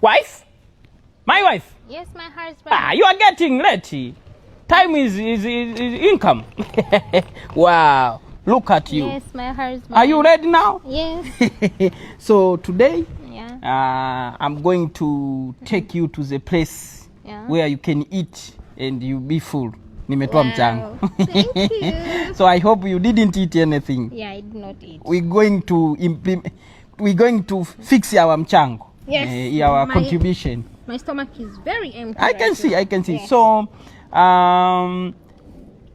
Wife? My wife? Yes, my husband. Ah, you are getting late. Time is, is, is, is income. wow. Look at you. Yes, my husband. Are you ready now? Yes. so today, yeah. uh, I'm going to take you to the place yeah. where you can eat and you be full. Nimetoa wow. mchango. Thank you. so I hope you didn't eat anything. Yeah, I did not eat. We're going to implement, we're going to fix our mchango. Yes. Uh, our my, contribution. My stomach is very empty. I can right see, now. I can see. Yes. So, um,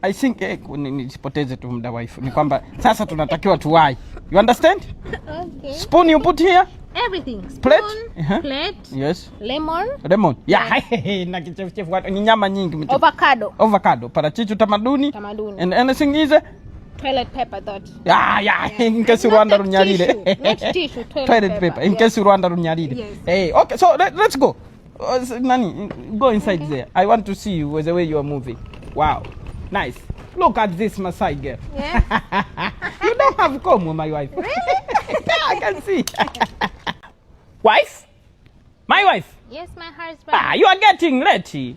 I think eh, nisipoteze tu muda waifu ni kwamba sasa tunatakiwa tuwai. You understand? Okay. Spoon you put here? Everything. Spoon, Plate? uh-huh. Plate. Yes. Lemon. Lemon. Yeah. yeah. na kichefuchefu watu ni nyama nyingi. Avocado. Avocado. Parachichi utamaduni. Tamaduni. And anything is eh? toilet paper that yeah yeah, yeah. in case Rwanda runyalile not tissue toilet, toilet paper. paper. in yeah. case Rwanda runyalile yes. hey okay so let, let's go uh, nani go inside okay. there I want to see you the way you are moving wow nice look at this Masai girl yeah. you don't have comb my wife really I can see wife my wife yes my husband ah you are getting late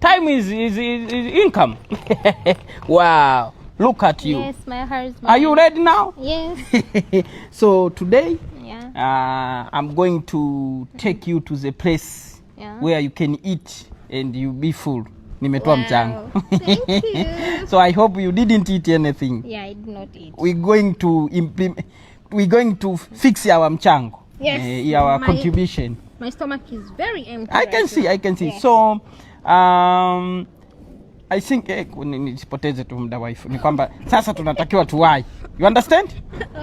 time is is, is, is income wow Look at you. Yes, my husband. Are you ready now? Yes. so today yeah. uh, I'm going to take you to the place yeah. where you can eat and you be full. Nimetoa wow. mchango. Thank you. So I hope you didn't eat anything. Yeah, I did not eat. We're going to implement we're going to fix our mchango. Yes. Uh, our my, contribution. My stomach is very empty. I can right see, now. I can see. yes. So um I think eh, nisipoteze tu muda waifu ni kwamba sasa tunatakiwa tuwai. You understand?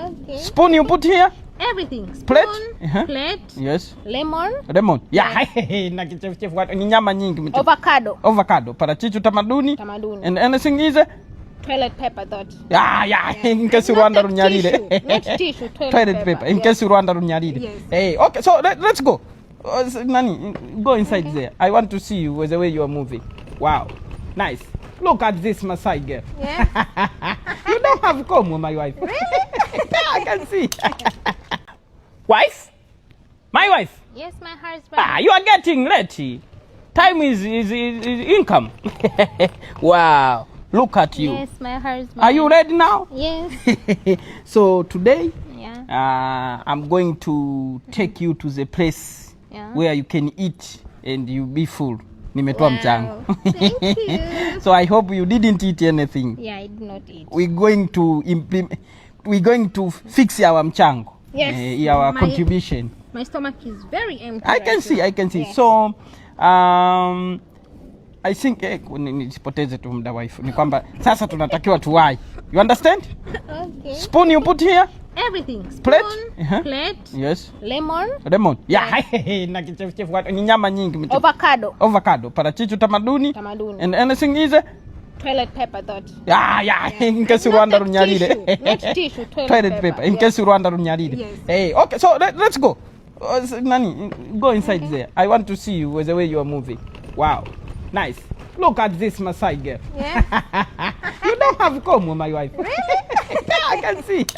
Okay. Spoon you put here? Everything. Plate? Spoon, uh-huh. Plate. Yes. Lemon. Lemon. Yeah. Na kichefuchefu watu ni nyama nyingi mtu. Avocado. Avocado. Parachichi tamaduni. Tamaduni. And anything is toilet paper that. Yeah, yeah. yeah. In case Rwanda runyarire. Not tissue, toilet, toilet paper. paper. In case yeah. Rwanda runyarire. Yes. Hey, okay. So let, let's go. Uh, nani, go inside okay. there. I want to see you the way you are moving. Wow. Nice. Look at this Masai girl. Yeah. you don't have comb, my wife. Really? yeah, I can see. wife? My wife? Yes, my husband. Ah, you are getting late. Time is, is, is, is income. wow. Look at you. Yes, my husband. Are you ready now? Yes. so today, yeah. uh, I'm going to take you to the place yeah. where you can eat and you be full nimetoa wow. mchango so I hope you didn't eat anything. Yeah, I did not eat. We going to implement, we going to fix our mchango. Yes. Uh, our my, contribution. My stomach is very empty. I can right see, now. I can see. yes. So um, I think eh, nisipoteze tu muda waifu ni kwamba sasa tunatakiwa tuwai. You understand? Okay. Spoon you put here everything spoon, plate, uh-huh. plate yes lemon lemon yeah na kichefuchefu ni nyama nyingi avocado avocado parachichi tamaduni tamaduni and anything is eh, toilet paper that yeah yeah, in case Rwanda runyarire not tissue toilet, toilet paper. paper in case yeah. Rwanda runyarire hey okay so let, let's go uh, nani go inside okay. there I want to see you the way you are moving wow nice Look at this Masai girl. Yeah. you don't have Komo, my wife. Really? I can see.